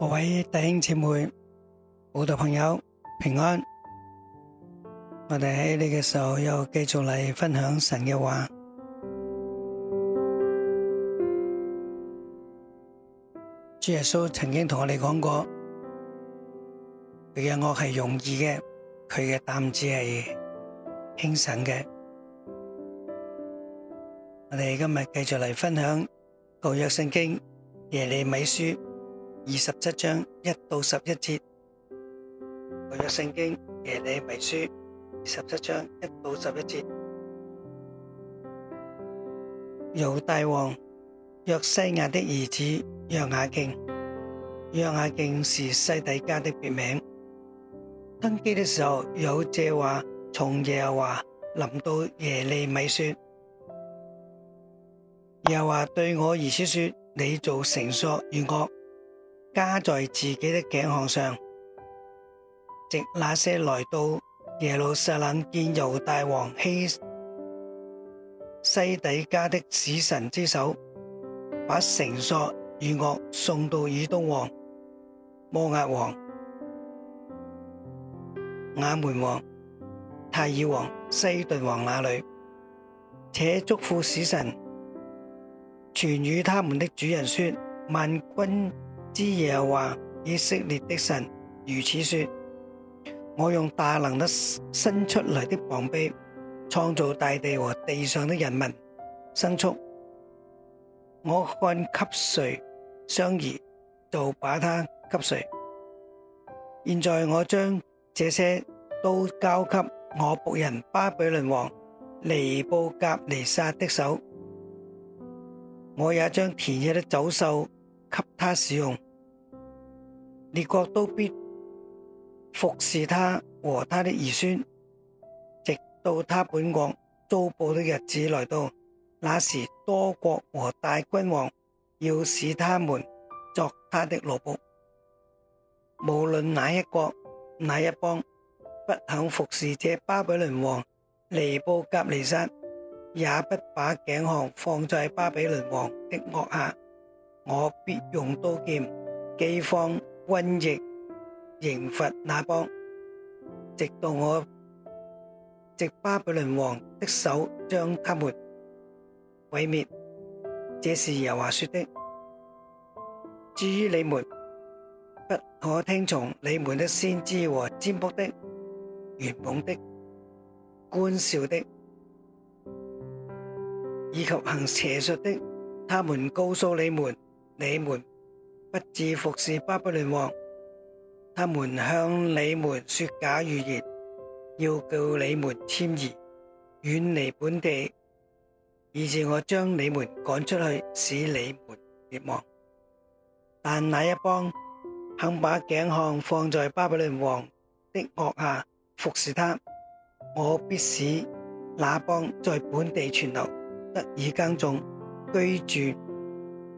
各位弟兄姊妹、信徒朋友平安，我哋喺呢個時候又繼續嚟分享神嘅話。主耶穌曾經同我哋講過，佢嘅軛是容易的，佢嘅擔子是輕省的。我哋今日繼續嚟分享舊約聖經耶利米書。二十七章一到十一節，我嘅聖經耶利米書二十七章一到十一節，猶大王約西亞的兒子約雅敬，約雅敬是西底家的別名。登基的時候有這話從耶和華臨到耶利米說：耶和華對我兒子說，你做成索與我。加在自己的頸項上，藉那些來到耶路撒冷見猶大王希西底家的使臣之手，把繩索與惡送到以東王、摩押王、亞捫王、泰爾王、西頓王那裏，且囑咐使臣傳與他們的主人說：萬軍，之耶和華以色列的神如此說：我用大能的伸出嚟的膀臂，創造大地和地上的人民牲畜。我看給誰相宜，就把他給誰。現在我將這些都交給我僕人巴比倫王尼布甲尼撒的手。我也將田野的走獸。給他使用，列國都必服侍他和他的兒孫，直到他本國遭報的日子來到。那時，多國和大君王要使他們作他的奴僕。無論哪一國、哪一邦，不肯服侍這巴比倫王尼布甲尼撒，也不把頸項放在巴比倫王的軛下。我必用刀劍、饑荒、瘟疫、刑罰那幫，直到我藉巴比倫王的手將他們毀滅。這是耶和華說的。至於你們，不可聽從你們的先知和占卜的、圓夢的、觀兆的，以及行邪術的，他們告訴你們。你們不至服侍巴比倫王，他們向你們說假預言，要叫你們遷移，遠離本地，以致我將你們趕出去，使你們滅亡。但那一幫肯把頸項放在巴比倫王的軛下服侍他，我必使那幫在本地存留，得以耕種居住。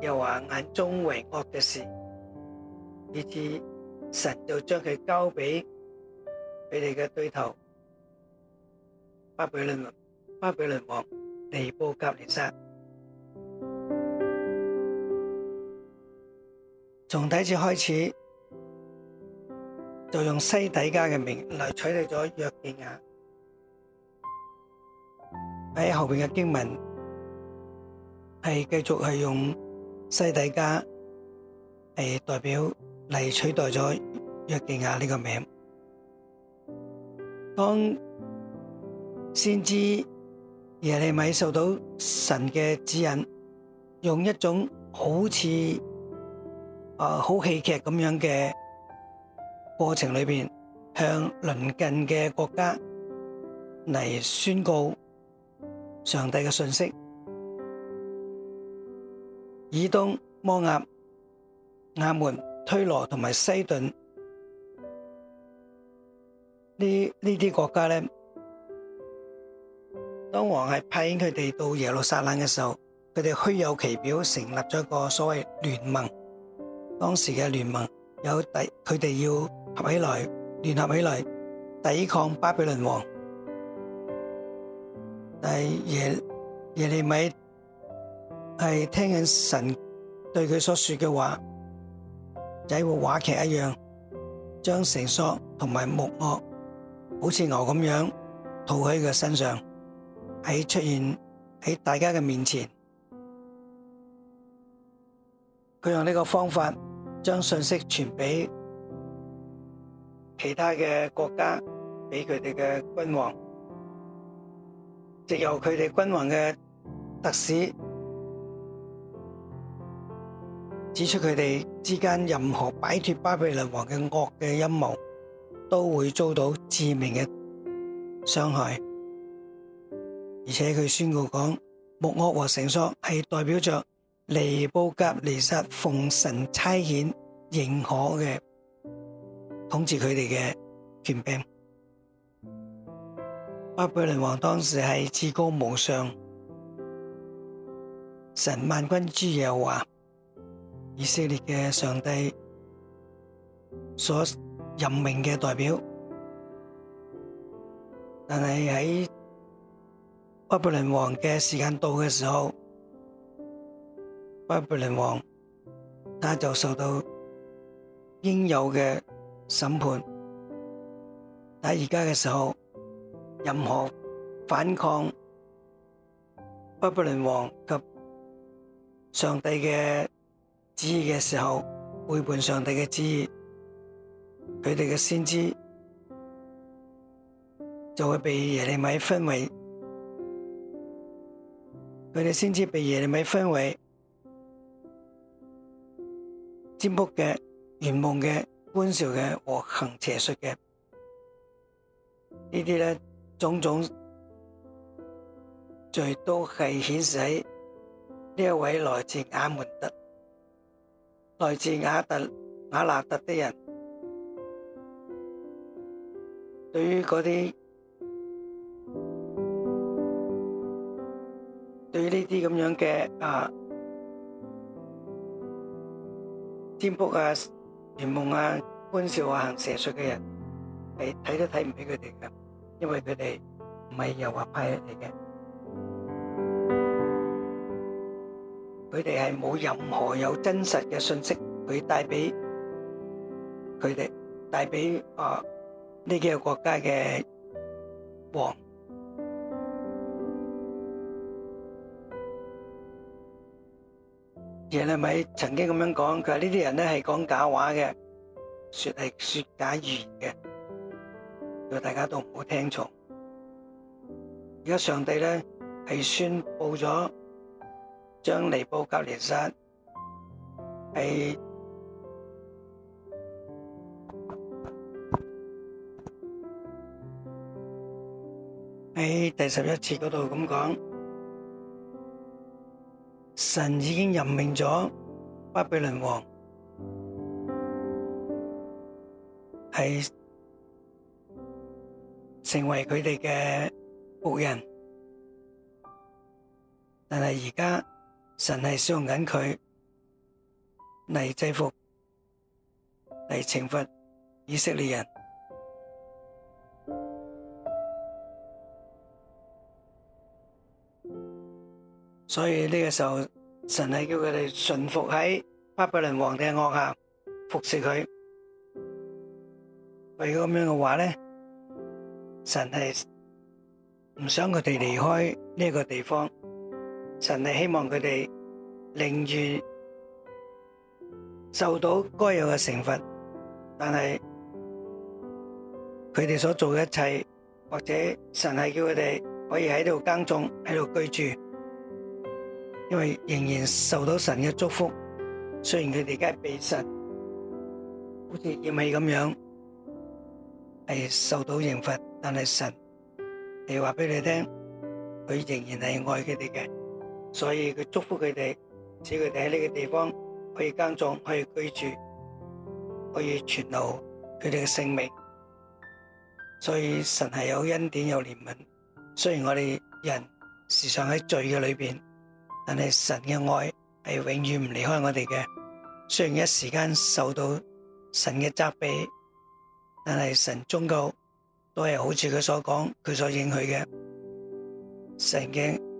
又話眼中為惡嘅事，以致神就將佢交俾佢哋嘅對頭巴比倫王，巴比倫王尼布甲尼撒。從第一次開始就用西底家嘅名嚟，取代咗約但亞。喺後邊嘅經文係繼續係用。西底家係代表嚟取代咗約敬亞呢個名。當先知耶利米受到神嘅指引，用一種好似啊、呃、好戲劇咁樣嘅過程裏面，向鄰近嘅國家嚟宣告上帝嘅信息。以東、摩押、亞門、推羅同埋西頓呢？呢啲國家咧，當王係派遣佢哋到耶路撒冷嘅時候，佢哋虛有其表，成立咗一個所謂聯盟。當時嘅聯盟有抵，佢哋要合起來，聯合起來抵抗巴比倫王，但係耶耶利米。係聽緊神對佢所說嘅話，就喺部話劇一樣，將繩索同埋木軛，好似牛咁樣套喺佢身上，喺出現喺大家嘅面前。佢用呢個方法將信息傳畀其他嘅國家，畀佢哋嘅君王，藉由佢哋君王嘅特使。指出佢哋之間任何擺脫巴比倫王嘅惡嘅陰謀，都會遭到致命嘅傷害。而且佢宣告講，木軛和繩索係代表着尼布甲尼撒奉神差遣認可嘅統治佢哋嘅權柄。巴比倫王當時係至高無上，神萬軍之耶和華，以色列嘅上帝所任命嘅代表，但係喺巴比倫王嘅時間到嘅時候，巴比倫王他就受到應有嘅審判。但現在而家嘅時候，任何反抗巴比倫王及上帝嘅。旨意嘅時候，背叛上帝嘅旨意，佢哋嘅先知就會被耶利米分為，佢哋先知被耶利米分為占卜嘅、圓夢嘅、觀兆嘅和行邪術嘅呢啲咧，種種，罪都係顯示喺呢一位來自雅門特。來自雅特雅拿特的人，對於嗰啲對於呢啲咁樣嘅啊，占卜啊、圓夢啊、觀兆啊、行邪術嘅人，係睇都睇唔起佢哋嘅，因為佢哋唔係耶和華派嚟嘅。佢哋係冇任何有真實嘅信息，佢帶俾佢哋，帶俾啊呢幾個國家嘅王。耶利米曾經這樣講，佢話呢啲人是係講假話嘅，說係說假言嘅，大家都唔好聽從。而家上帝呢係宣佈咗。將尼布甲尼撒喺喺第十一次嗰度咁講，神已經任命咗巴比倫王係成為佢哋嘅僕人，但係而家。神係使用他來制服，來懲罰以色列人。所以這個時候，神係叫他們順服在巴比倫皇帝的軛下，服侍他。如果這樣的話呢，神係不想他們離開這個地方。神是希望佢哋寧願受到該有嘅懲罰，但是佢哋所做嘅一切，或者神是叫佢哋可以喺度耕種，喺度居住，因為仍然受到神嘅祝福。雖然佢哋而家被神好似厭棄咁樣係受到懲罰，但是神告訴你話俾你聽，佢仍然是愛佢哋嘅。所以佢祝福佢哋，使佢哋喺呢個地方可以耕種，可以居住，可以傳道佢哋嘅性命。所以神係有恩典有憐憫。雖然我哋人時常喺罪嘅裏面，但係神嘅愛係永遠唔離開我哋嘅。雖然一時間受到神嘅責備，但係神終究都係好似佢所講，佢所應許嘅神嘅。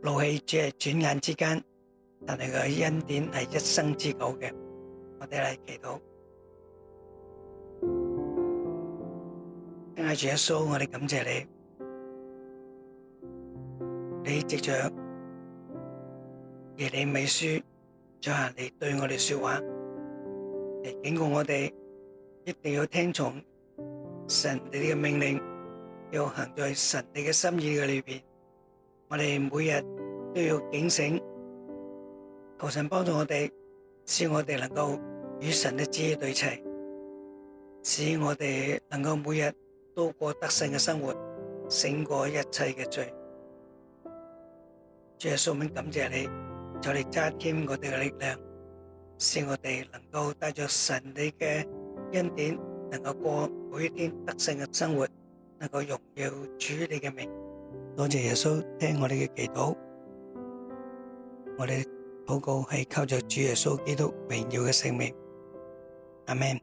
怒氣只是轉眼之間，但係佢嘅恩典是一生之久嘅。我哋嚟祈禱，挨住耶穌，我哋感謝你，你藉着耶利米書再行你對我哋說話，嚟警告我哋一定要聽從神你嘅命令，要行在神你嘅心意嘅裏面。我哋每日都要警醒，求神幫助我哋，使我哋能夠與神的旨意對齊，使我哋能夠每日都過得勝嘅生活，勝過一切嘅罪。主耶穌，我感謝你，求你加添我哋嘅力量，使我哋能夠帶着神你嘅恩典，能夠過每一天得勝嘅生活，能夠榮耀主你嘅名。多謝耶穌聽我哋嘅祈禱，我哋禱告係靠着主耶穌基督榮耀嘅聖名，阿門。